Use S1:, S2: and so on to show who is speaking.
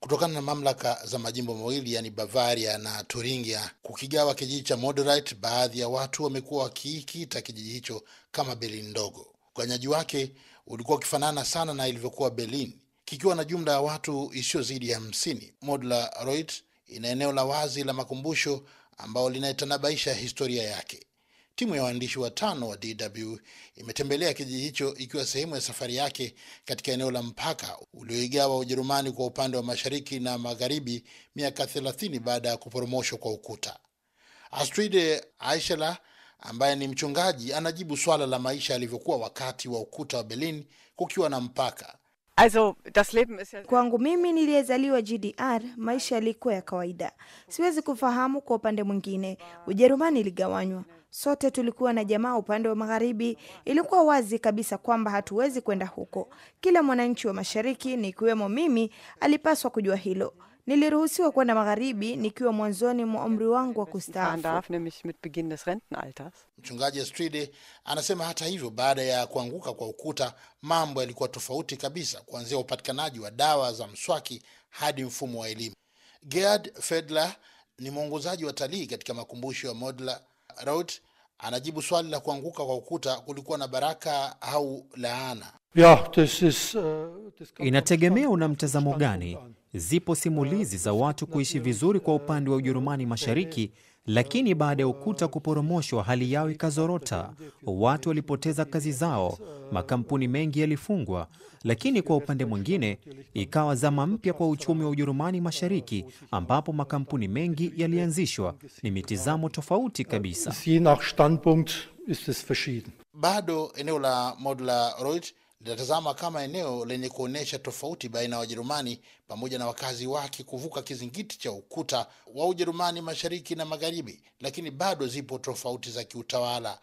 S1: kutokana na mamlaka za majimbo mawili yani Bavaria na Turingia kukigawa kijiji cha Moderate, baadhi ya watu wamekuwa wakiikita kijiji hicho kama Berlin ndogo. Uganyaji wake ulikuwa ukifanana sana na ilivyokuwa Berlin, kikiwa na jumla ya watu isiyozidi ya hamsini. Modla Roit ina eneo la wazi la makumbusho ambao linaitanabaisha historia yake. Timu ya waandishi watano wa DW imetembelea kijiji hicho ikiwa sehemu ya safari yake katika eneo la mpaka ulioigawa Ujerumani kwa upande wa mashariki na magharibi miaka 30 baada ya kuporomoshwa kwa ukuta. Astrid Aishela ambaye ni mchungaji anajibu swala la maisha yalivyokuwa wakati wa ukuta wa Berlin kukiwa na mpaka Also, das Leben ist Kwangu mimi niliyezaliwa
S2: GDR, maisha yalikuwa ya kawaida. Siwezi kufahamu kwa upande mwingine. Ujerumani iligawanywa. Sote tulikuwa na jamaa upande wa magharibi. Ilikuwa wazi kabisa kwamba hatuwezi kwenda huko. Kila mwananchi wa mashariki, nikiwemo mimi, alipaswa kujua hilo. Niliruhusiwa kwenda magharibi nikiwa mwanzoni mwa umri wangu wa kustaafu.
S1: Mchungaji stride anasema hata hivyo, baada ya kuanguka kwa ukuta, mambo yalikuwa tofauti kabisa, kuanzia upatikanaji wa dawa za mswaki hadi mfumo wa elimu. Gerd Fedler ni mwongozaji wa talii katika makumbusho ya Modla Raut anajibu swali la kuanguka kwa ukuta kulikuwa na baraka au laana
S3: uh, inategemea una mtazamo gani. Zipo simulizi za watu kuishi vizuri kwa upande wa Ujerumani Mashariki, lakini baada ya ukuta kuporomoshwa hali yao ikazorota. Watu walipoteza kazi zao, makampuni mengi yalifungwa. Lakini kwa upande mwingine, ikawa zama mpya kwa uchumi wa Ujerumani Mashariki, ambapo makampuni mengi yalianzishwa. Ni mitizamo tofauti kabisa.
S1: Bado eneo la Modler linatazama kama eneo lenye kuonyesha tofauti baina ya Wajerumani pamoja na wakazi wake kuvuka kizingiti cha ukuta wa Ujerumani mashariki na magharibi, lakini bado zipo tofauti za kiutawala.